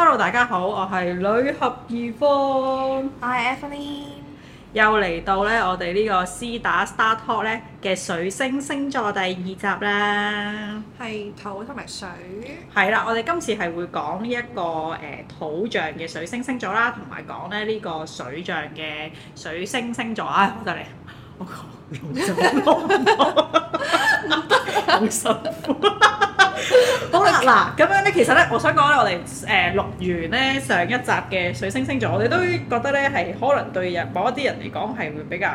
Hello，大家好，我係女俠二分，我係 Evelyn，又嚟到咧，我哋呢個師打 Star Talk 咧嘅水星星座第二集啦，係土同埋水，係啦，我哋今次係會講呢一個誒土象嘅水星星座啦，同埋講咧呢個水象嘅水星星座啊，我嚟，我講，我講，我講，我講，我講，我講得好辛苦。 好啦，嗱，咁樣咧，其實咧，我想講咧，我哋誒錄完咧上一集嘅水星星座，我哋都覺得咧係可能對人某一啲人嚟講係會比較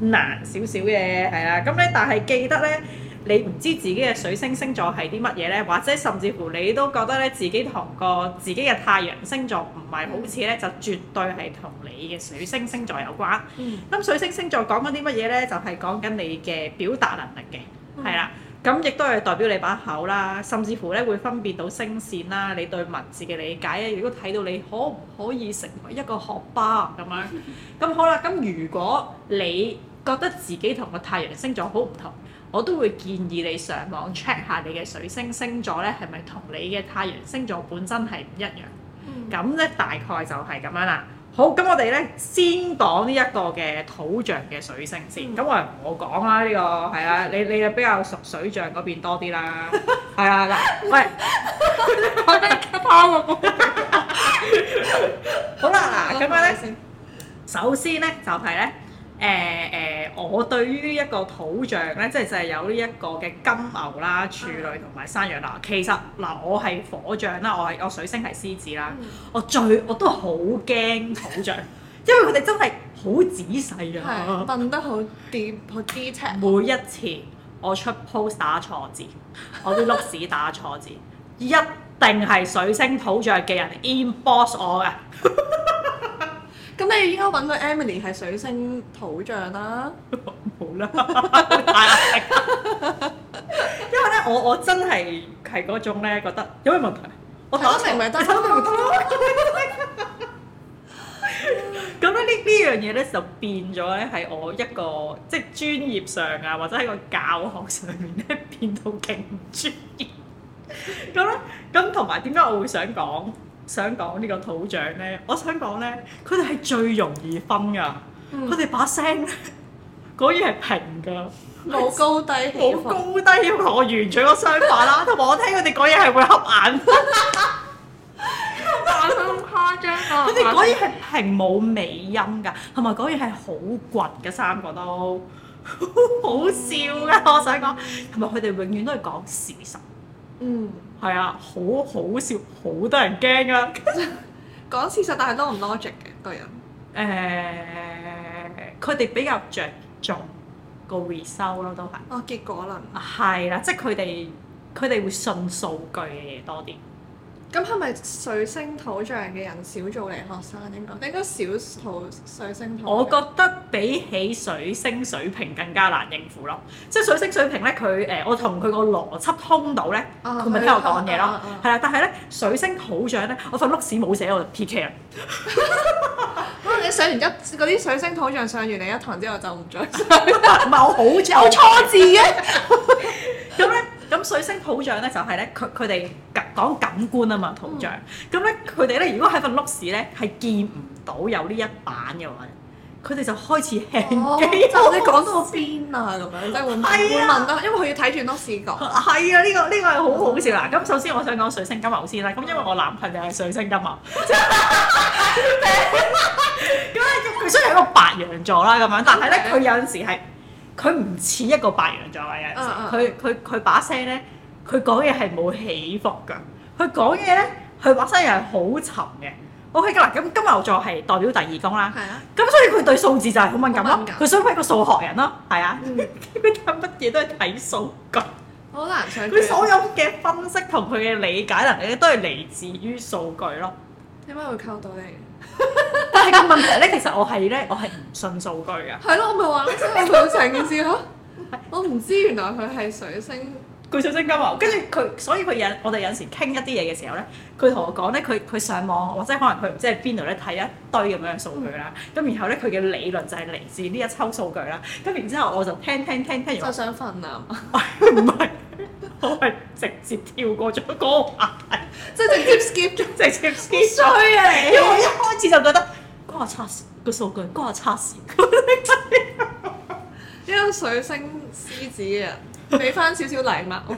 難少少嘅，係啦，咁咧但係記得咧，你唔知自己嘅水星星座係啲乜嘢咧，或者甚至乎你都覺得咧自己同個自己嘅太陽星座唔係好似咧，嗯、就絕對係同你嘅水星星座有關。咁、嗯、水星星座講緊啲乜嘢咧？就係講緊你嘅表達能力嘅，係啦。嗯咁亦都係代表你把口啦，甚至乎咧會分辨到聲線啦，你對文字嘅理解咧，如果睇到你可唔可以成為一個學霸咁樣，咁 好啦。咁如果你覺得自己同個太陽星座好唔同，我都會建議你上網 check 下你嘅水星星座咧，係咪同你嘅太陽星座本身係唔一樣？咁咧、嗯、大概就係咁樣啦。好，咁我哋咧先講呢一個嘅土象嘅水星先。咁、嗯、我我講啦，呢、呢個係啊，你你比較屬水象嗰邊多啲啦。係 啊，嗱，喂，好啦，嗱，咁咪咧，首先咧就係、係、咧。誒誒、呃呃，我對於一個土象咧，即係就係有呢一個嘅金牛啦、處女同埋山羊啦。其實嗱、呃，我係火象啦，我係我水星係獅子啦，嗯、我最我都好驚土象， 因為佢哋真係好仔細啊，瞓得好掂好 detail。每一次我出 post 打錯字，我啲碌屎打錯字， 一定係水星土象嘅人 inbox 我嘅。 咁你應該揾到 Emily 係水星土象啦，啊，冇啦，大壓力。因為咧，我我真係係嗰種咧，覺得有咩問題？我睇唔明，睇唔到。咁咧呢呢樣嘢咧就變咗咧，喺我一個即係、就是，專業上啊，或者喺個教學上面咧變到勁專業。咁 咧，咁同埋點解我會想講？想講呢個土象咧，我想講咧，佢哋係最容易分噶。佢哋把聲咧，講嘢係平噶，冇高低起伏，冇高低，要我完全嗰相反啦。同埋 我聽佢哋講嘢係會瞌眼，咁誇張噶。佢哋講嘢係平冇尾音噶，同埋講嘢係好倔嘅，三個都 好笑噶。我想講，同埋佢哋永遠都係講事實。嗯，係啊，好好笑，好多人驚啊！ 講事實，但係都唔 logic 嘅一個人。誒、呃，佢哋比較着重個 result 咯，都係。哦，結果啦。係啦、啊，即係佢哋佢哋會信數據嘅嘢多啲。咁係咪水星土象嘅人少做嚟？學生應該應該少土水星土？我覺得比起水星水瓶更加難應付咯，即係水星水瓶咧，佢誒我同佢個邏輯通到咧，佢咪聽我講嘢咯，係啦、啊啊啊，但係咧水星土象咧，我份碌屎冇寫我就 P K 啦。咁 你上完一嗰啲水星土象上完你一堂之後就唔再上？唔 係我好有錯字嘅。咁咧？ 咁水星土象咧就係咧，佢佢哋講感官啊嘛土象，咁咧佢哋咧，如果喺份碌屎咧係見唔到有呢一版嘅話，佢哋就開始輕。我哋講到邊啊？咁樣真會會問到，係啊，因為佢要睇住碌屎講。係啊，呢個呢個係好好笑嗱。咁首先我想講水星金牛先啦。咁因為我男朋友係水星金牛，咁咧佢雖然係個白羊座啦咁樣，但係咧佢有陣時係。佢唔似一個白羊座嘅、啊、人，佢佢佢把聲咧，佢講嘢係冇起伏嘅，佢講嘢咧，佢把聲又係好沉嘅。OK 嘅啦，咁金牛座係代表第二宮啦，咁、啊、所以佢對數字就係好敏感咯，佢所以係一個數學人咯，係啊，佢乜嘢都係睇數據，好難，佢所有嘅分析同佢嘅理解能力都係嚟自於數據咯，點解會溝到你？ 但係個問題咧，其實我係咧，我係唔信數據嘅。係咯，我咪話咯，即係佢成嘅事嗬。我唔知原來佢係水星、佢水星金牛，跟住佢，所以佢有我哋有時傾一啲嘢嘅時候咧，佢同我講咧，佢佢上網或者可能佢唔知喺邊度咧睇一堆咁樣數據啦，咁、嗯、然後咧佢嘅理論就係嚟自呢一抽數據啦，咁然後之後我就聽聽聽聽完。就想瞓啊。唔係。 我係直接跳過咗嗰排，即係直接 skip 咗，直接 skip。衰啊！因為我一開始就覺得嗰個測試，個數據，嗰個測試。一個水星獅子嘅人，俾翻少少禮物，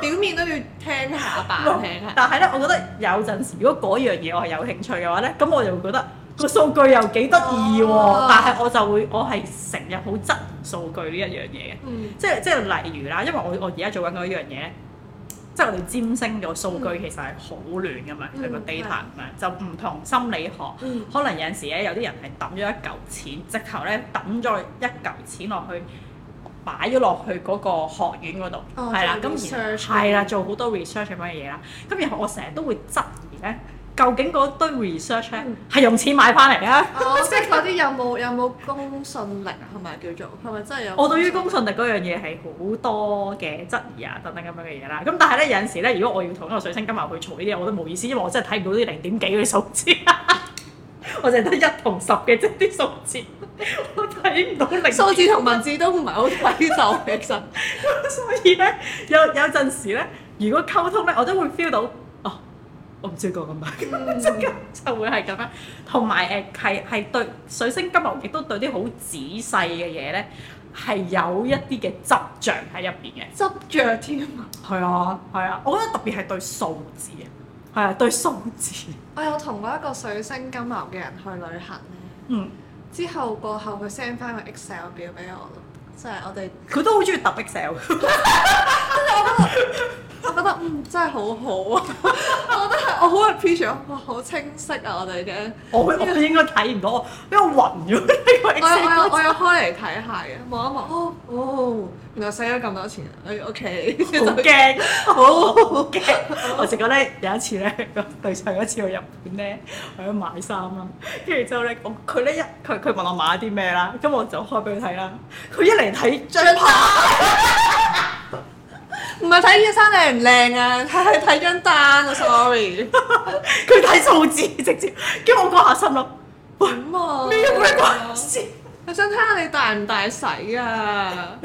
表面都要聽下吧，扮聽下。但係咧，我覺得有陣時，如果嗰樣嘢我係有興趣嘅話咧，咁我就會覺得個數據又幾得意喎。但係我就會，我係成日好質。數據呢一樣嘢嘅、嗯，即係即係例如啦，因為我我而家做緊嗰樣嘢咧，即係我哋占星咗數據其實係好亂㗎嘛，係咪 data 咁就唔同心理學，嗯、可能有陣時咧，有啲人係抌咗一嚿錢，直頭咧抌咗一嚿錢落去擺咗落去嗰個學院嗰度，係啦、哦，咁而係啦，做好多 research 咁嘅嘢啦，咁然後我成日都會質疑咧。究竟嗰堆 research 咧係、嗯、用錢買翻嚟嘅？我識嗰啲有冇有冇公信力啊？係咪叫做係咪真係有？我對於公信力嗰樣嘢係好多嘅質疑啊，等等咁樣嘅嘢啦。咁但係咧有陣時咧，如果我要同一個水星金牛去嘈呢啲，我都冇意思，因為我真係睇唔到啲零點幾嘅啲數字， 我淨係得一同十嘅即啲數字，我睇唔到零。數字同文字都唔係好睇到，其實。所以咧，有有陣時咧，如果溝通咧，我都會 feel 到。我唔知個咁大，真嘅 就會係咁樣。同埋誒係係對水星金牛亦都對啲好仔細嘅嘢咧，係有一啲嘅執著喺入邊嘅執著添 啊！係啊係啊，我覺得特別係對數字，係啊對數字。我有同過一個水星金牛嘅人去旅行咧，嗯，之後過後佢 send 翻個 Excel 表俾我。即係我哋，佢都好中意打 Excel。我覺得，我覺得嗯，真係好好啊！ 我覺得係，我好 appreciate，哇，好清晰啊！我哋嘅，我我應該睇唔到，因為暈咗 個 Excel。我我我有開嚟睇下嘅，望一望，哦哦。原來使咗咁多錢，哎，OK， 好驚，好好驚！ 我直覺咧，有一次咧，個對上一次去日本咧，我喺度買衫啦，跟住之後咧，我佢咧一佢佢問我買咗啲咩啦，咁我就開俾佢睇啦。佢一嚟睇張單單，唔係睇件衫靚唔靚啊，係係睇張單啊，sorry。佢睇 數字直接，跟住我嗰下心諗，哇，啊麼，你有識數字？麼 我想睇下你大唔大使啊！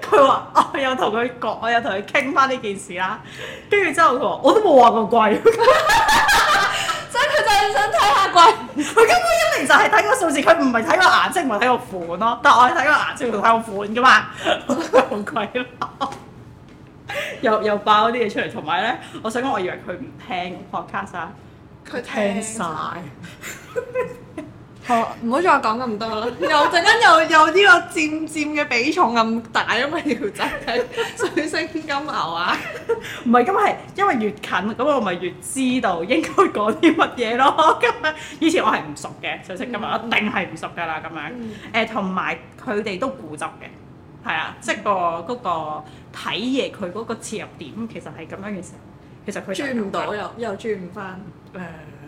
佢話：我又同佢講，我又同佢傾翻呢件事啦。跟住之後佢話：我都冇話過貴，所以佢就係想睇下貴。佢根本一嚟就係睇個數字，佢唔係睇個顏色，唔係睇個款咯。但係我係睇個顏色同睇個款噶嘛，好貴咯。又又爆嗰啲嘢出嚟，同埋咧，我想講、啊，我以為佢唔聽 Podcast 佢聽晒 完。 哦，唔好、oh, 再講咁多啦！ 又陣間又又呢個漸漸嘅比重咁大啊嘛，條仔係水星金牛啊？ 唔係，咁係因為越近咁，我咪越知道應該講啲乜嘢咯。咁啊，以前我係唔熟嘅水星金牛，嗯、一定係唔熟噶啦。咁樣誒，同埋佢哋都固執嘅，係啊，嗯、即係個嗰個睇嘢佢嗰個切入點，其實係咁樣嘅時候，其實佢轉唔到又又轉唔翻誒。嗯嗯。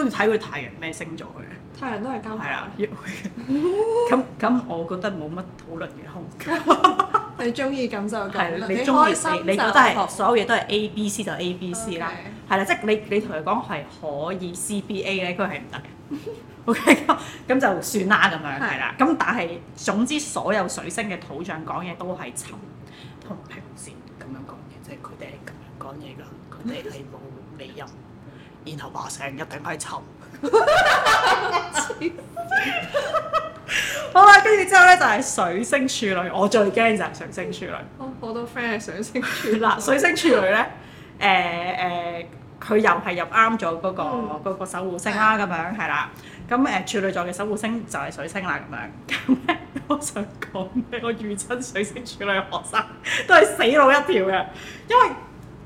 都睇佢太陽咩星座嘅，太陽都係交系啊，咁咁、嗯，我覺得冇乜討論嘅空間。 你中意咁就咁啦。 你，死你可以收就所有嘢都係 A B C 就 A B C 啦，係啦，即係你你同佢講係可以 C B A 咧，佢係唔得嘅。O K，咁就算啦，咁樣係啦。咁但係總之，所有水星嘅土象講嘢都係沉同平線咁樣講嘢，即係佢哋係咁樣講嘢噶，佢哋係冇尾音。 然後把聲一定係沉。 好啦，跟住之後咧就係、是、水星處女，我最驚就係水星處女。我好 多 friend 係水星處女， 水星處女咧，誒、呃、誒，佢、呃、又係入啱咗嗰個嗰 個守護星啦、啊，咁樣係啦。咁誒處女座嘅守護星就係水星啦，咁樣。咁 咩？ 我想講咩？我遇親水星處女學生都係死路一條嘅，因為。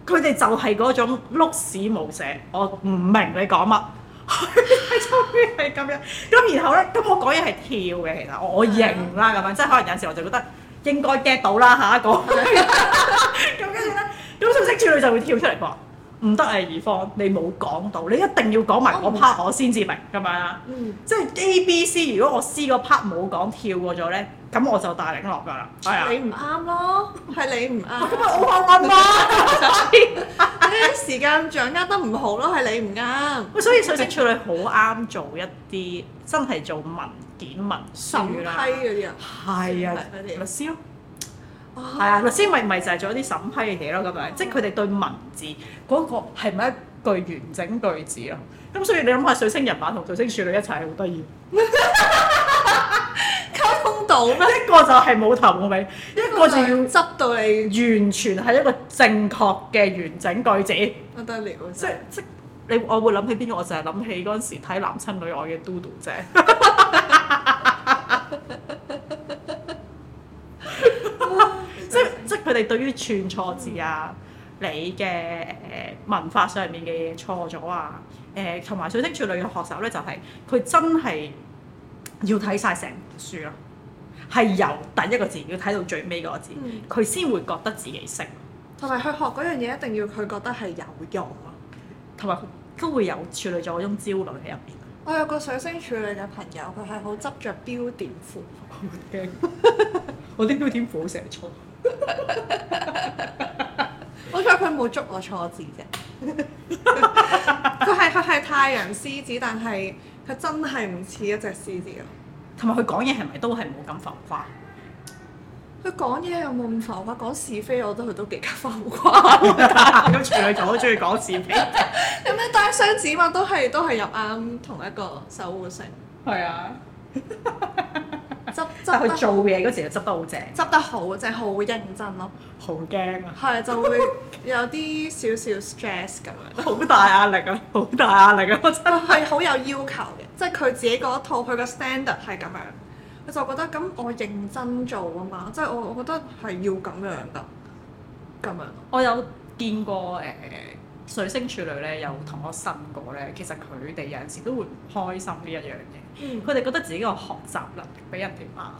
佢哋就係嗰種碌屎無聲，我唔明你講乜，佢喺側邊係咁樣。咁然後咧，咁我講嘢係跳嘅，其實我的我認啦咁樣，即係可能有陣時我就覺得應該 get 到啦嚇講。咁跟住咧，咁識唔識住你就會跳出嚟講。唔得誒，二方你冇講到，你一定要講埋嗰 part，我先至明，咁咪啊？嗯。即係 A、B、C，如果我 C 個 part 冇講，跳過咗咧，咁我就大力落㗎啦。係啊。你唔啱咯，係你唔啱。咁啊，我話我話，時間掌握得唔好咯，啊，係你唔啱。喂，所以水星處女好啱做一啲真係做文件文書啦。審批嗰啲人。係啊，律師，唔 係啊，律師咪咪就係做一啲審批嘅嘢咯，咁樣，即係佢哋對文字嗰、嗰個係咪一句完整句子啊？咁所以你諗下，水星人版同水星處女一齊好得意， 溝通到咩？一個就係冇頭冇尾，一個就要執到你完全係一個正確嘅完整句子，不得了！即的即你我會諗起邊個？我就係諗起嗰陣時睇《男親女愛》嘅嘟嘟姐。佢哋對於串錯字啊、嗯、你嘅誒、呃、文化上面嘅嘢錯咗啊、誒同埋水星處女嘅學手咧，就係、是、佢真係要睇晒成本書咯，係由第一個字要睇到最尾個字，佢先、嗯、會覺得自己識。同埋佢學嗰樣嘢，一定要佢覺得係有用啊，同埋都會有處女座嗰種焦慮喺入邊。我有個水星處女嘅朋友，佢係好執着標點符，好驚， 我啲標點符成日錯。 好彩佢冇捉我錯字啫，佢係佢係，太陽獅子，但係佢真係唔似一隻獅子啊！同埋佢講嘢係咪都係冇咁浮誇？佢講嘢又冇咁浮誇？講是非我都佢都幾級浮誇，咁處女就好中意講是非，咁樣戴雙子嘛都係都係入啱同一個守護神，係啊。即係佢做嘢嗰時候，就執得好正，執得好正，好認真咯。好驚啊！係，就會有啲少少 stress 咁 樣，好大壓力啊，好大壓力啊！佢係好有要求嘅，即係佢自己嗰套佢嘅 standard 係咁樣，佢就覺得咁我認真做啊嘛，即係我我覺得係要咁樣得咁樣。樣我有見過誒。呃水星處女咧又同我信過咧，其實佢哋有陣時都會唔開心呢一樣嘢。佢哋、嗯、覺得自己個學習能力比人哋慢。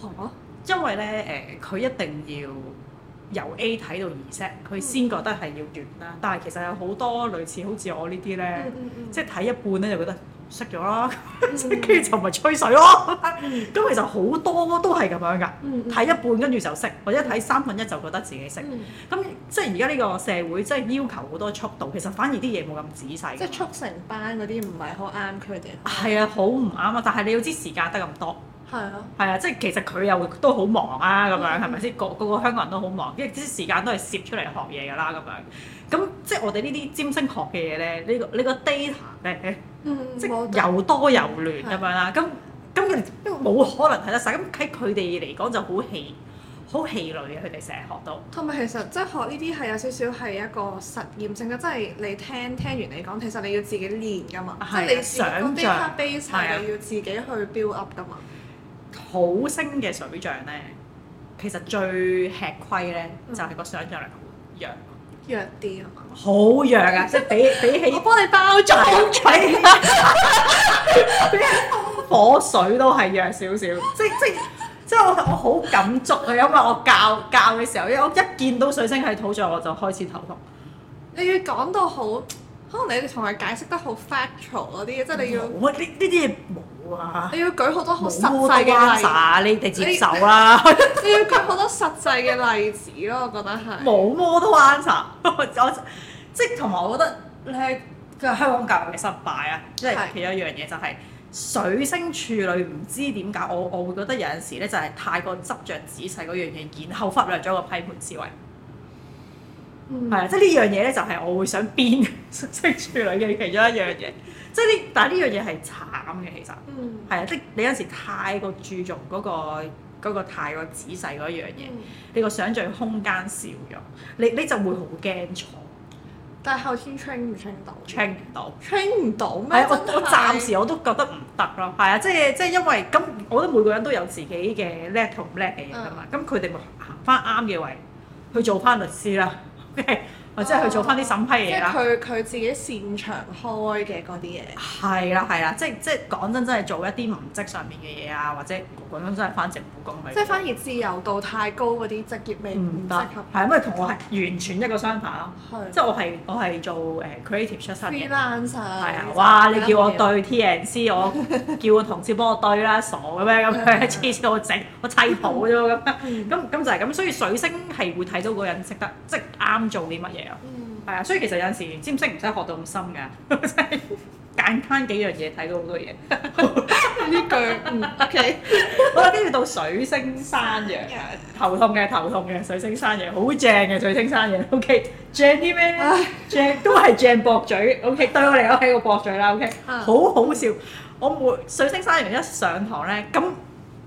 蛤因為咧誒，佢、呃、一定要由 A 睇到二 set，佢先覺得係要完啦。嗯、但係其實有好多類似好似我呢啲咧，嗯嗯嗯、即係睇一半咧就覺得。識咗啦，即係跟住就唔係吹水咯。咁、嗯、其實好多都係咁樣㗎。睇一半跟住就識，或者睇三分一就覺得自己識。咁、嗯、即係而家呢個社會即係要求好多速度，其實反而啲嘢冇咁仔細。即係速成班嗰啲唔係好啱佢哋。係啊，好唔啱啊！但係你要知時間得咁多。係啊。係啊，即係其實佢又都好忙啊，咁樣係咪先？個個個香港人都好忙，因為啲時間都係攝出嚟學嘢㗎啦，咁樣。咁即係我哋呢啲占星學嘅嘢咧，呢個呢個 data 咧。嗯、即係又多又亂咁樣啦，咁咁冇可能睇得晒，咁喺佢哋嚟講就好氣好氣餒嘅，佢哋成日學到。同埋其實即係學呢啲係有少少係一個實驗性嘅，即、就、係、是、你聽聽完你講，其實你要自己練㗎嘛，的即係想象。係啊。基礎嘅要自己去 build up 㗎嘛。土星嘅水象咧，其實最吃虧咧，嗯、就係個想象力。好弱。弱啲啊嘛，好弱啊！即係比比起 我幫你包裝，比 火水都係弱少少。即即即我我好感觸啊，因為我教教嘅時候，我一見到水星喺土象，我就開始頭痛。你要講到好，可能你哋同佢解釋得好 factual 啲嘢，哦、即係你要，喂，呢呢啲嘢冇哇你要舉好多好實際嘅例子啊！你哋接受啦！你，你， 你要舉好多實際嘅例子咯，我覺得係冇魔多灣殺、啊、我，我，即係同埋我覺得咧，佢香港教育嘅失敗啊，即係是其中一樣嘢就係水星處女唔知點解，我我會覺得有陣時咧就係太過執著仔細嗰樣嘢，然後忽略咗個批判思維。嗯，啊、嗯，即係呢樣嘢咧，就係我會想變水星處女嘅其中一樣嘢。 即係呢，但係呢樣嘢係慘嘅，其實，係啊、嗯，即係你有陣時太過注重嗰、嗰個嗰個太過仔細嗰樣嘢，你個想象空間少咗，你你就會好驚錯。但係後天 train 唔 train 到？train 唔到，train 唔到咩？我我暫時我都覺得唔得咯。係啊，即係即係因為咁，我覺得每個人都有自己嘅叻同唔叻嘅嘢噶嘛。咁佢哋咪行翻啱嘅位去做翻律師啦。OK。即係去做翻啲審批嘢啦。佢佢自己擅長開嘅嗰啲嘢。係啦係啦，即係即係講真，真係做一啲文職上面嘅嘢啊，或者講真真係翻政府工嗰即係反而自由度太高嗰啲職業未唔適合。係因為同我係完全一個相反咯。即係我係我係做誒 creative 出身係啊！哇！你叫我對 TNC，我叫我同事幫我對啦，傻嘅咩咁樣？黐線！我整我砌圖啫咁。咁咁就係咁，所以水星係會睇到嗰個人識得即啱做啲乜嘢。嗯，係啊，所以其實有陣時，知唔識唔使學到咁深㗎，簡單幾樣嘢睇到好多嘢。呢句，OK，我啲要到水星山羊，頭痛嘅頭痛嘅水星山羊，好正嘅水星山羊。OK，正啲咩？正都係正駁嘴。OK，對我嚟講，係個駁嘴啦。OK，好好笑。我每水星山羊一上堂咧，咁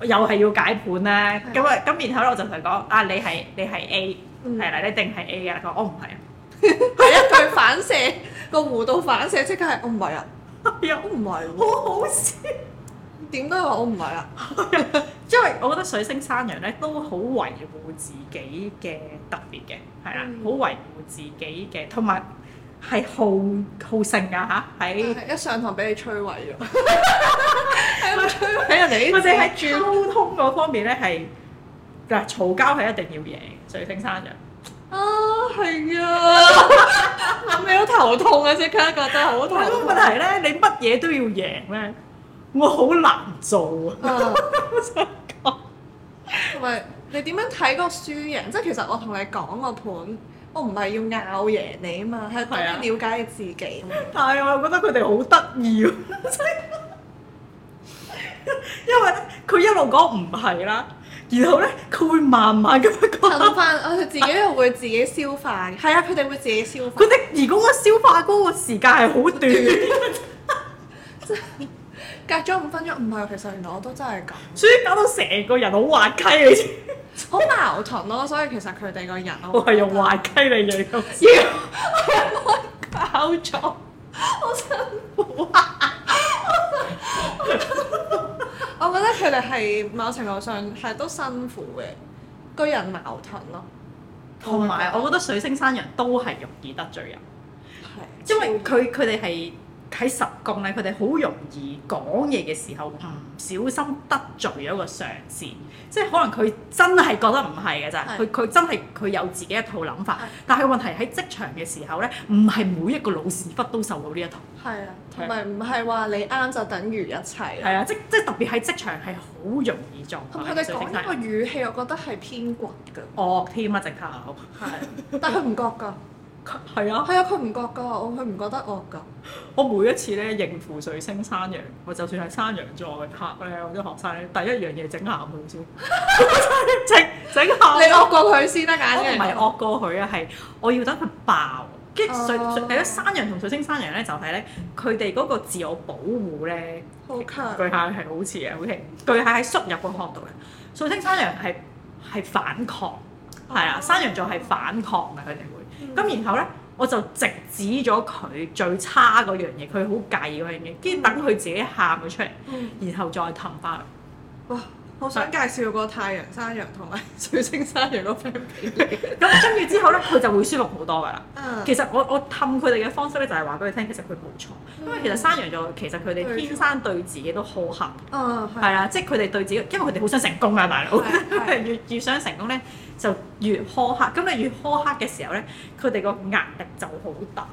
又係要解盤咧，咁啊咁，然後咧我就同佢講：啊，你係你係 A，係啦，你一定係 A 嘅。佢話我唔係啊。係 一,一句反射，個弧度反射，反射即刻係我唔係啊，我唔係喎，好、oh、好笑，點解係話我唔係啊？因為我覺得水星山羊咧都好維護自己嘅特別嘅，係啦，好維護自己嘅，同埋係好好勝噶吓，喺一上堂俾你摧毀咗， 喺人哋，我哋喺溝通嗰方面咧係嗱，嘈交係一定要贏水星山羊。啊，係啊，諗起都頭痛啊！即刻覺得好痛。咁個問題咧，你乜嘢都要贏咩？我好難做啊！唔係 你點樣睇個輸贏？即係其實我同你講個盤，我唔係要拗贏你啊嘛，係想、啊、了解你自己。但係我又覺得佢哋好得意，因為佢一路講唔係啦。然後咧，佢會慢慢咁樣講翻，佢自己又會自己消化。係啊，佢哋會自己消化。 佢哋而嗰個消化嗰個時間係好短，隔咗五分鐘唔係。其實原來我都真係咁，所以搞到成個人好滑稽，好矛盾咯。所以其實佢哋個人我係用滑稽嚟形容，我搞錯？好辛苦。啊！我覺得佢哋係某程度上係都辛苦嘅，個人矛盾咯。同埋我覺得水星山羊都係容易得罪人，的因為佢佢哋係。喺十公咧，佢哋好容易講嘢嘅時候唔小心得罪咗一個上司，即係可能佢真係覺得唔係嘅咋，佢佢的真係佢有自己一套諗法，的但係問題喺職場嘅時候咧，唔係每一個老屎忽都受到呢一套。係啊的，同埋唔係話你啱就等於一切。係啊，即即特別喺職場係好容易做。同佢哋講一個語氣，我覺得係偏倔嘅。惡添啊，直頭。係，但佢唔覺㗎.。 係啊，係啊，佢唔覺噶，我佢唔覺得惡噶。我每一次咧應付水星山羊，我就算係山羊座嘅客咧，我啲學生咧第一樣嘢整下佢先，整整下。你惡過佢先得？梗係。唔係惡過佢啊，係我要等佢爆。激水水係山羊同水星山羊咧就係、是、咧，佢哋嗰個自我保護咧，好強，巨蟹係好似嘅，O K。巨蟹喺縮入個殼度嘅，水星山羊係係反抗，係啊、嗯，山羊座係反抗嘅，佢哋會。咁然後咧，我就直指咗佢最差嗰樣嘢，佢好計嗰樣嘢，跟住等佢自己喊咗出嚟，然後再氹翻。哇。我想介紹個太陽山羊同埋水星山羊個 friend 俾你，咁跟住之後咧，佢就會舒服好多㗎啦、uh。其實我我氹佢哋嘅方式咧，就係話俾佢聽，其實佢冇錯，uh, 因為其實山羊就其實佢哋天生對自己都好苛刻，係啦、uh, 了，即係佢哋對自己，因為佢哋好想成功啊嘛，大佬 uh, 越越想成功咧就越苛刻，咁你越苛刻嘅時候咧，佢哋個壓力就好大。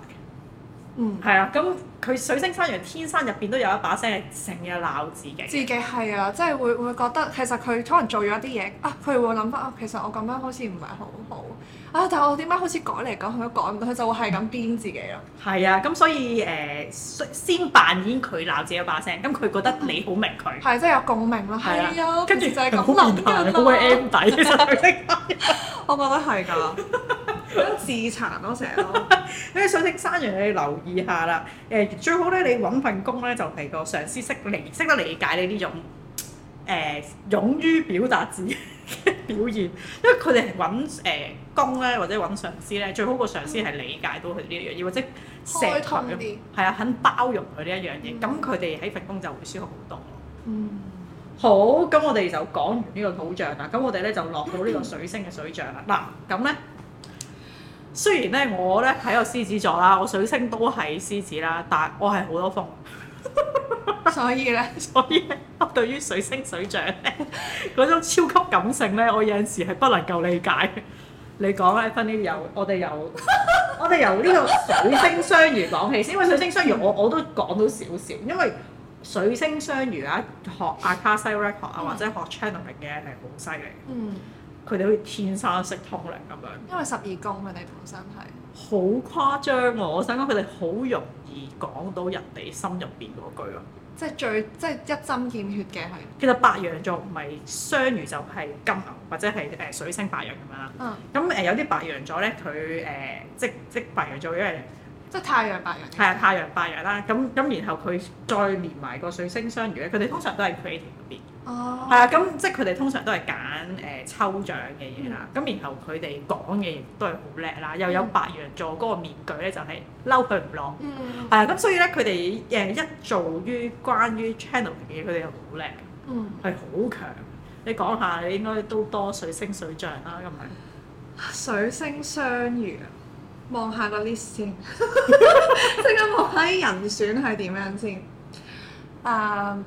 嗯，係啊，咁佢水星山羊天生入邊都有一把聲，係成日鬧自己。自己係啊，即係會會覺得其實佢可能做咗一啲嘢啊，佢會諗返啊，其實我咁樣好似唔係好好啊，但係我點解好似講嚟講去都講唔到，改改就會係咁編自己咯、嗯。係啊，咁所以誒、呃，先扮演佢鬧自己一把聲，咁、啊、佢覺得你好明佢，係即係有共鳴咯。係啊，跟住、啊啊、就係咁鬧人啦。我覺得係㗎。想 自殘咯，成咯。誒，水星山羊，你留意下啦。誒、呃、最好咧，你揾份工咧，就係個上司識理，識得理解你呢種誒、呃、勇於表達自己嘅表現。因為佢哋揾誒工咧，或者揾上司咧，最好個上司係理解到佢呢一樣嘢，嗯、或者錫佢。係啊，肯包容佢呢一樣嘢，咁佢哋喺份工就會舒服好多。嗯。好，咁我哋就講完呢個土象啦。咁我哋咧就落到呢個水星嘅水象啦。嗱， 咁咧。雖然咧，我咧係個獅子座啦，我水星都係獅子啦，但係我係好多風，所以咧，所以咧，我對於水星水象咧，嗰種超級感性咧，我有陣時係不能夠理解。你講咧 finally 由我哋由我哋由呢個水星雙魚講起，因為水星雙魚我我都講到少少，因為水星雙魚啊，學阿卡西 records 或者學 channeling 嘅係好犀利。嗯。佢哋好似天生識通靈咁樣，因為十二宮佢哋本身係好誇張喎，哦。我想講佢哋好容易講到人哋心入邊嗰句咯，即係最即係一針見血嘅係。其實白羊座唔係雙魚就係、是、金牛或者係誒、呃、水星白羊咁樣啦。咁誒、嗯呃、有啲白羊座咧，佢誒、呃、即即白羊座因為。即係太陽白、 太陽白羊，係啊，太陽、白羊啦，咁咁，然後佢再連埋個水星雙魚咧，佢哋通常都係 creative 嗰邊哦，係、oh, okay. 啊，咁即係佢哋通常都係揀誒抽象嘅嘢啦，咁、mm. 然後佢哋講嘅亦都係好叻啦，mm. 又有白羊座嗰、嗰個面具咧，就係嬲佢唔落，係啊，咁所以咧佢哋誒一做於關於 channel 嘅嘢，佢哋又好叻，係好、mm. 強。你講下，你應該都多水星水象啦咁樣，就係、水星雙魚。望下個 list 先，即係望下啲人選係點樣先。誒，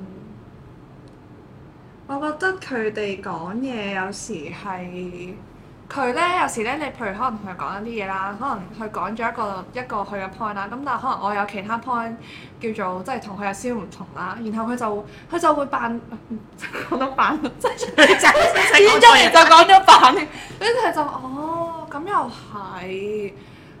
我覺得佢哋講嘢有時係佢咧，有時咧，你譬如可能同佢講一啲嘢啦，可能佢講咗一個一個佢嘅 point 啦，咁但係可能我有其他 point 叫做即係、就是、同佢有少少唔同啦，然後佢就佢就會扮講到扮，即、嗯、係就講咗扮，跟住 就哦咁又係。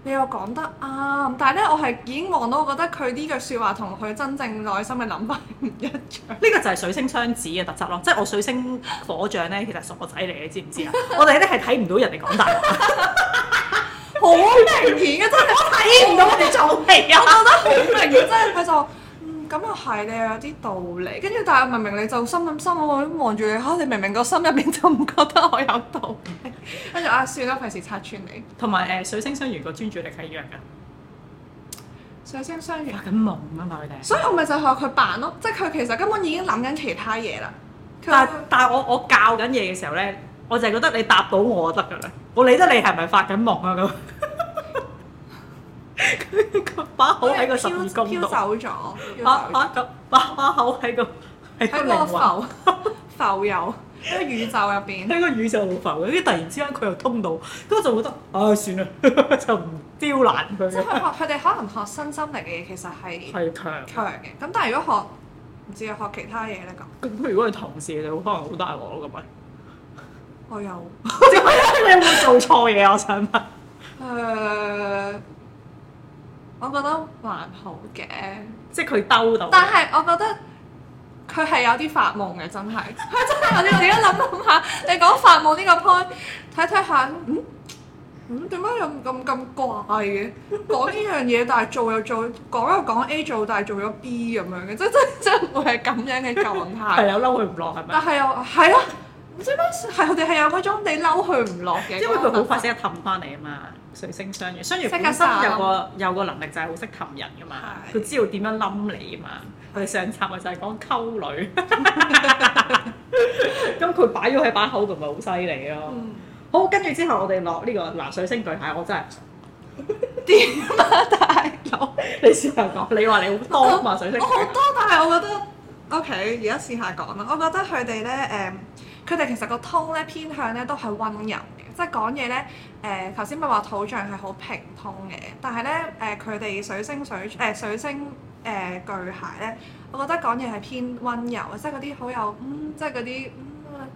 你又講得啱，但係咧，我係已經望到，我覺得佢呢句説話同佢真正內心嘅諗法唔一樣。呢個就係水星雙子嘅特質咯，即係我水星火象咧，其實傻仔嚟嘅，知唔知啊？ 我哋咧係睇唔到人哋講大話，好明顯嘅，真係我睇唔到人哋做戲、啊、 我覺得好明顯。咁真係佢就。咁又係，你又、嗯、有啲道理。跟住，但係明明你就心諗心，我都望住你嚇、啊。你明明個心入邊就唔覺得我有道理。跟住阿雪都費事拆穿你。同埋誒，水星雙魚個專注力係弱噶。水星雙魚發緊夢啊嘛，佢哋。所以我咪就係學佢扮咯，即係佢其實根本已經諗緊其他嘢啦。但係但係我我教緊嘢嘅時候咧，我就係覺得你答到我得㗎啦。我理得你係咪發緊夢啊咁。那個佢 把口喺個十二宮飄走咗，把走把咁把把口喺個喺個浮浮遊喺 個宇宙入邊，喺個宇宙度浮嘅，跟住突然之間佢又通到，咁我就覺得唉、啊、算啦， 就唔刁難佢。即係佢學佢哋可能學身心靈嘅嘢，其實係係強強嘅。咁但係如果學唔知學其他嘢咧咁，咁佢如果係同事，嘅，好多人好大鑊咯，咁咪我有， 你有冇做錯嘢？啊、我想問，誒、uh。我覺得還好嘅，即係佢兜到。但係我覺得佢係有啲發夢嘅，真係。佢真係有啲、這個， 我而家諗諗下，你講發夢呢個 point，睇睇下，嗯嗯，點解有咁咁怪嘅？講呢樣嘢，但係做又做，講又講 A 做，但係做咗 B 咁樣嘅，即即即係會係咁樣嘅狀態。係 有嬲佢唔落係咪？但係又係啊，唔知點解係我哋係有嗰種你嬲佢唔落嘅，因為佢好快死氹翻嚟啊嘛。水星相嘅，雖然本身有個扯有個能力就係好識氹人噶嘛，佢的知道點樣冧你啊嘛。佢哋上集咪就係講溝女，咁 佢 擺咗喺把口度咪好犀利咯。嗯、好，跟住之後我哋落呢個嗱水星巨蟹，我真係點呀大佬， 你試下講，你話你好多嘛水星巨蟹，我好多，但係我覺得 OK，而家試下講啦，我覺得佢哋咧誒。嗯嗯佢哋其實個通咧偏向咧都係温柔嘅，即係講嘢咧誒頭先咪話、呃、土象係好平通嘅，但係咧誒佢哋水星水誒、呃、水星誒、呃、巨蟹咧，我覺得講嘢係偏温柔，即係嗰啲好有嗯，即係嗰啲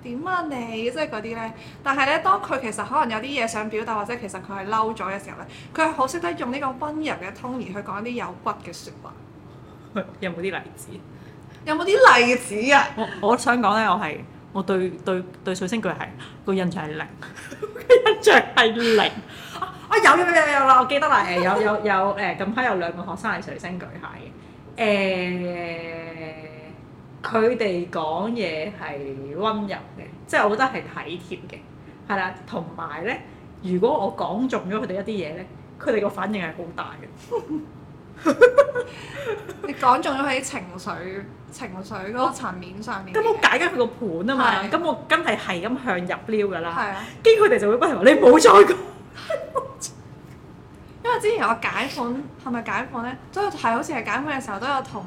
點啊你，即係嗰啲咧。但係咧，當佢其實可能有啲嘢想表達，或者其實佢係嬲咗嘅時候咧，佢係好識得用呢個温柔嘅通而去講啲有骨嘅説話。有冇啲例子？有冇啲例子啊？ 我，我想講咧，我係。我對對對水星巨蟹個印象係零，印象係零。 啊有有有有啦，我記得啦。誒有有有誒，近排有兩個學生係水星巨蟹嘅。誒、欸，佢哋講嘢係温柔嘅，即係我覺得係體貼嘅，係啦。同埋咧，如果我講中咗佢哋一啲嘢咧，佢哋個反應係好大嘅。 你講中咗喺情緒、情緒嗰個層面上面。咁我，我解緊佢個盤啊嘛，咁的我梗係係咁向入撩噶啦。係啊的，跟住佢哋就會不停話：你唔好再講。 因為之前我解盤，係咪解盤咧？都係好似係解盤嘅時候都有同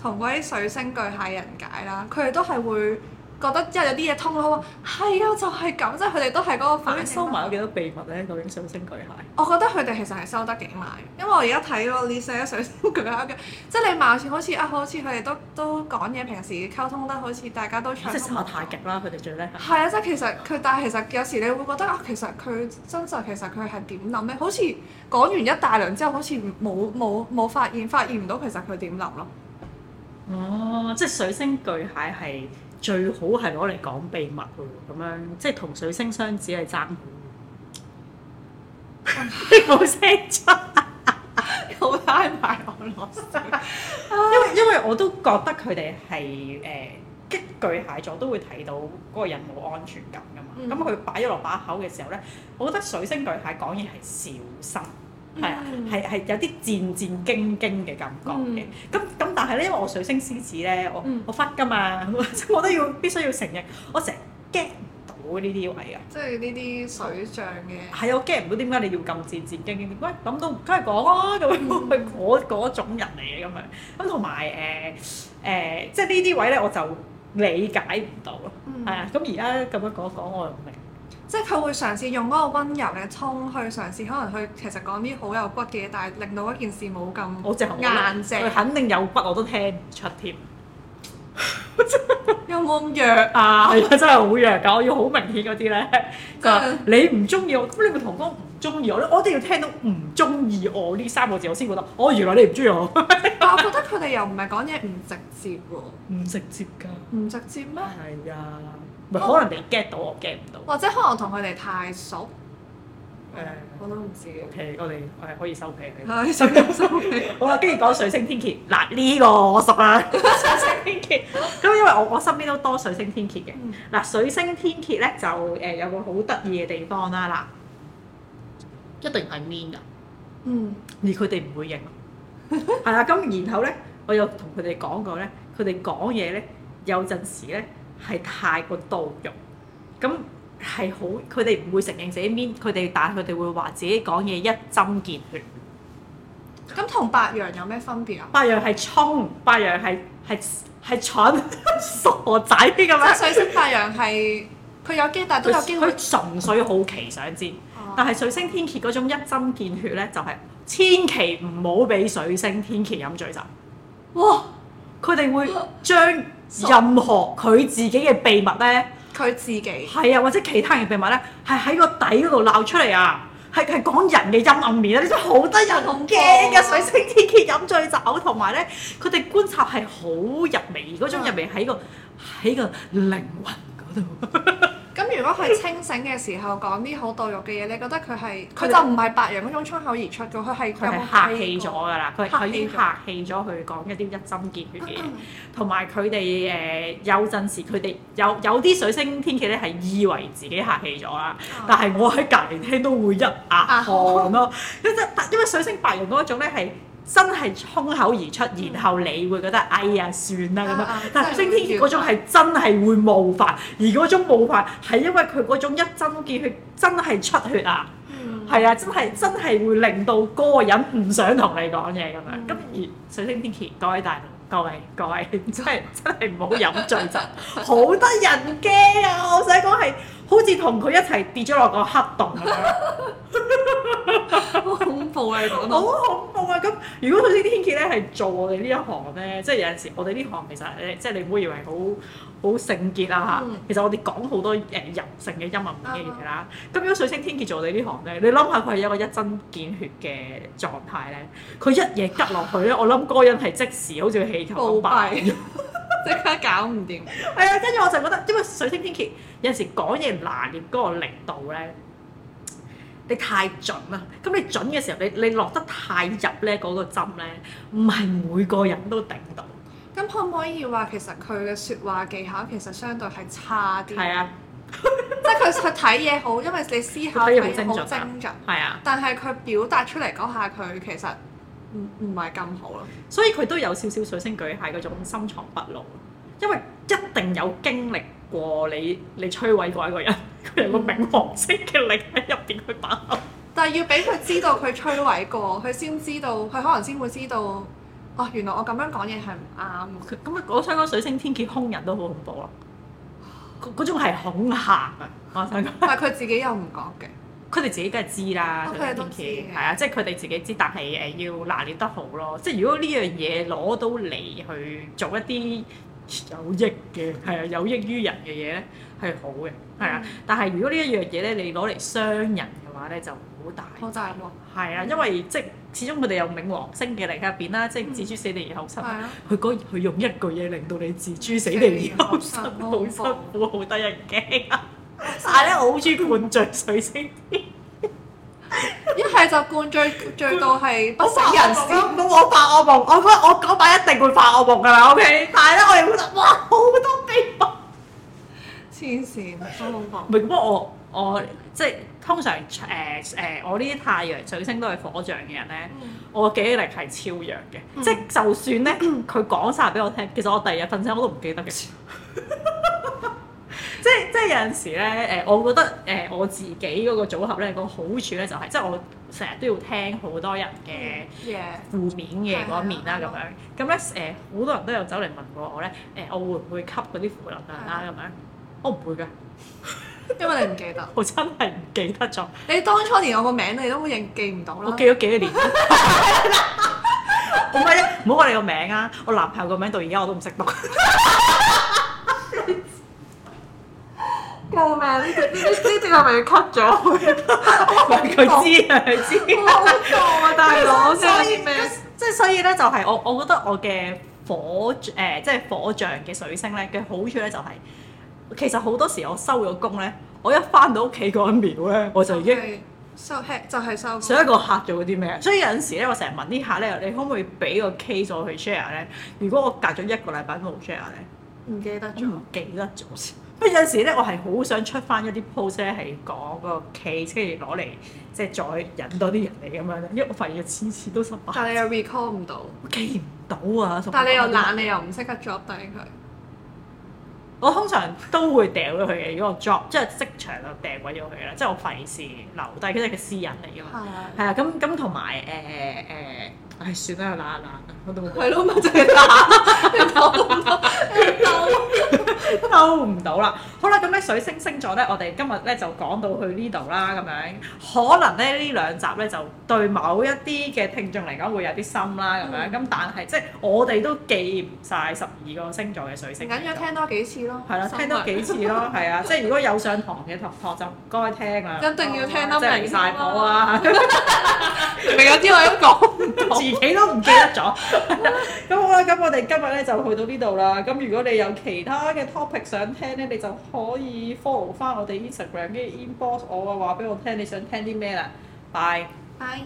同嗰啲水星巨蟹人解啦，佢哋都係會。覺得即係有啲嘢通咯，係啊，就係咁，即係佢哋都係嗰個反應。佢收埋咗幾多秘密咧？究竟水星巨蟹？我覺得佢哋其實係收得幾埋，因為我而家睇喎，Lister 水星巨蟹嘅，即係你貌似好似啊，好似佢哋都都講嘢，平時溝通得好似大家都。即係講得太極啦！佢哋最叻係。啊，即係其實佢，但係其實有時你會覺得啊，其實佢真實，其實佢係點諗咧？好似講完一大輪之後，好似冇冇冇發現，發現唔到其實佢點諗咯。哦，即係水星巨蟹係。最好係攞嚟講秘密嘅咁樣，即係同水星雙子係爭，你冇聲出，又拉埋我落嚟。因為因為我都覺得佢哋係誒巨蟹座都會睇到嗰個人冇安全感㗎嘛，咁佢擺咗落把口嘅時候咧，我覺得水星巨蟹講嘢係小心。 係啊，係係、mm. 有啲戰戰兢兢嘅感覺嘅。咁咁、mm. 但係咧，因為我水星獅子咧，我、mm. 我忽噶嘛， 我都要必須要承認，我成日驚到呢啲位賤賤經經啊。即係呢啲水象嘅。係啊，我驚唔到點解你要咁戰戰兢兢？喂咁都梗係講啊，咁樣我係嗰嗰種人嚟嘅咁樣。咁同埋誒誒，即係呢啲位咧，我就理解唔到。係啊、mm. 嗯，咁而家咁樣講講，我又唔明。即係佢會嘗試用嗰個溫柔嘅腔去嘗試，可能佢其實講啲好有骨嘅嘢，但係令到一件事冇咁好硬。佢肯定有骨我，我都聽唔出添。有冇咁弱啊？係啊，真係好弱，但我要好明顯嗰啲咧。的你唔中意我咁，你咪同工唔中意我咧，我一定要聽到唔中意我呢三個字，我先覺得，哦，原來你唔中意我。 但我覺得佢哋又唔係講嘢唔直接喎，唔直接㗎，唔直接咩？係啊、哎。可能你 get 到，我 get 唔到。或者可能我同佢哋太熟。誒，我都唔知。嗯、OK，我哋誒可以收皮。係， 收收。好啦，跟住講水星天蠍，嗱、這、呢個我熟啦。水星天蠍，咁因為我我身邊都多水星天蠍嘅。嗱水星天蠍咧就誒有個好得意嘅地方啦，嗱，一定係 mean 噶。嗯。而佢哋唔會認。係啦，咁然後咧，我有同佢哋講過咧，佢哋講嘢咧，有陣時咧。係太過到肉，咁係好，佢哋唔會承認自己 mean，佢哋但係佢哋會話自己講嘢一針見血。咁同白羊有咩分別啊？白羊係衝， 白羊係係係蠢傻仔啲咁樣。水星白羊係佢有機，但係都有機會。佢純粹好奇想知， 但係水星天蠍嗰種一針見血咧，就係、是、千祈唔好俾水星天蠍飲醉酒。哇！佢哋會將 任何佢自己嘅秘密咧，佢自己係啊，或者其他人嘅秘密咧，係喺個底嗰度鬧出嚟啊！係係講人嘅陰暗面、嗯、係係啊！你真係好得人好驚嘅，水星天蠍飲醉酒，同埋咧佢哋觀察係好入微，嗰種入微喺個喺、嗯、個靈魂嗰度。 咁 如果佢清醒嘅時候講啲好到肉嘅嘢，你覺得佢係佢就唔係白羊嗰種出口而出嘅，佢係有冇客氣咗㗎啦？已經客氣咗去講一啲一針見血嘅嘢，同埋佢哋誒有陣時佢哋有有啲水星天氣咧，係以為自己客氣咗啦， 但係我喺隔離聽都會一額汗咯、啊， 因為水星白羊嗰種咧係。真係衝口而出，然後你會覺得、嗯、哎呀算啦咁樣。但係水星天蠍嗰種係真係會冒犯，嗯、而嗰種冒犯係因為佢嗰種一針見血，真係出血啊！係、嗯、啊，真係真係會令到嗰個人唔想同你講嘢咁樣。咁、嗯、而水星天蠍，各位大，各位各位真係真係唔好飲醉酒，好得人驚啊！我想講係。好似同佢一齊跌咗落個黑洞，咁樣好恐怖啊！嗰度好恐怖啊！咁如果水星天蠍咧係做我哋呢一行咧，即係有陣時我哋呢行其實誒，即係你唔好以為好好聖潔啊嚇，其實我哋講好多誒、啊、人性嘅陰暗面嘅嘢啦。咁、啊、如果水星天蠍做我哋呢行咧，你諗下佢係一個一針見血嘅狀態咧，佢一嘢拮落去咧，我諗嗰個人係即時好似個氣球爆咗，即暴泡 刻搞唔掂。係 啊，跟住我就覺得，因為水星天蠍。有陣時講嘢拿捏嗰個力度咧，你太準啦。咁你準嘅時候，你你落得太入咧，嗰個針咧，唔係每個人都頂到。咁、嗯、可唔可以話其實佢嘅説話技巧其實相對係差啲？係是啊， 即係佢佢睇嘢好，因為你思考係好精準。係啊。但係佢表達出嚟嗰下，佢其實唔唔係咁好咯。所以佢都有少少水星巨蟹嗰種深藏不露，因為一定有經歷。過你，你摧毀過一個人，佢有個冥王星嘅力喺入邊去打、嗯。但係要俾佢知道佢摧毀過，佢先 知道，佢可能先會知道，啊、哦，原來我咁樣講嘢係唔啱。咁啊、嗯，我想講水星天蠍兇人都好恐怖咯。嗰種係恐嚇啊！我想講，但佢自己又唔講嘅，佢哋自己梗係知啦。水星天蠍係啊，即係佢哋自己知，但係誒要拿捏得好咯。即係如果呢樣嘢攞到嚟去做一啲。有益嘅，係啊，有益於人嘅嘢咧係好嘅，係啊。嗯、但係如果呢一樣嘢咧，你攞嚟傷人嘅話咧就好大負擔咯。係啊，因為即係始終佢哋有《冥王星》嘅嚟入邊啦，即係置諸死地而後生，佢嗰，佢用一句嘢令到你置諸死地而後生，好辛苦，好得人驚。 但係咧，我好鍾意灌醉水星。身一係就灌醉醉到係不省人事先，我發噩夢？我覺得我晚一定會發噩夢㗎啦，OK？但係咧，我哋覺得哇，好多秘密！黐線， 我冇講。不過我我即係通常誒誒、呃呃呃，我呢啲太陽水星都係火象嘅人咧，嗯、我記憶力係超弱嘅，嗯、即係就算咧佢講晒俾我聽，其實我第二日瞓醒我都唔記得嘅。 即係即係有陣時咧，誒我覺得誒我自己嗰個組合咧個好處咧就係，即係我成日都要聽好多人嘅負面嘅嗰一面啦咁樣。咁咧誒好多人都有走嚟問過我咧，誒我會唔會吸嗰啲負能量啦咁樣？我唔會㗎，因為你唔記得。我真係唔記得咗。你當初連我個名你都好認記唔到啦。我記咗幾多年。唔好唔好話你個名啊！我男朋友個名到而家我都唔識讀。報名，呢你 知點解咪 cut 咗？係咪佢知啊？佢知 是。錯啊大佬，所以即係所以咧，就係我我覺得我嘅火誒，即、呃、係、就是、火象嘅水星咧嘅好處咧就係、是，其實好多時我收咗工咧，我一翻到屋企嗰一秒咧，我就已經收 hit 就係收。所以一個客做咗啲咩？所以有陣時咧，我成日問呢下咧，你可唔可以俾個，個 case 我去 share 咧？如果我隔咗一個禮拜冇 share 咧，唔記得咗，唔記得咗。咁有陣時咧，我係好想出翻一啲 post 咧，係講個 case，跟住攞嚟即係再引多啲人嚟咁樣咧。因為我發現佢次次都失敗。但係你又 recall 唔到，我記唔到啊！但係你又懶，你又唔識得 drop 低佢。 我通常都會掉咗佢嘅，如果我 drop 即係即場就掉鬼咗佢啦。即係我費事留低，因為佢私隱嚟噶嘛。係啊。係啊的，咁咁同埋誒誒，唉、呃呃哎，算啦，又懶啦，我都冇。咯了，咪就係懶， 都唞唔到啦，好啦，咁咧水星星座咧，我哋今日咧就講到去呢度啦，咁樣可能咧呢兩集咧就對某一啲嘅聽眾嚟講會有啲深啦，咁樣咁但係即係我哋都記唔晒十二個星座嘅水星，唔緊要聽多幾次咯，係啦，聽多幾次咯，係啊，即係如果有上堂嘅同學就唔該聽啊，一定要聽啦，即晒我曬啊，明唔明啲我講，自己都唔記得咗，咁好啦，咁我哋今日咧就去到呢度啦，咁如果你有其他嘅，想聽呢你就可以 follow 翻我哋 Instagram，跟住 inbox 我啊，話俾我聽你想聽啲咩啦，拜拜。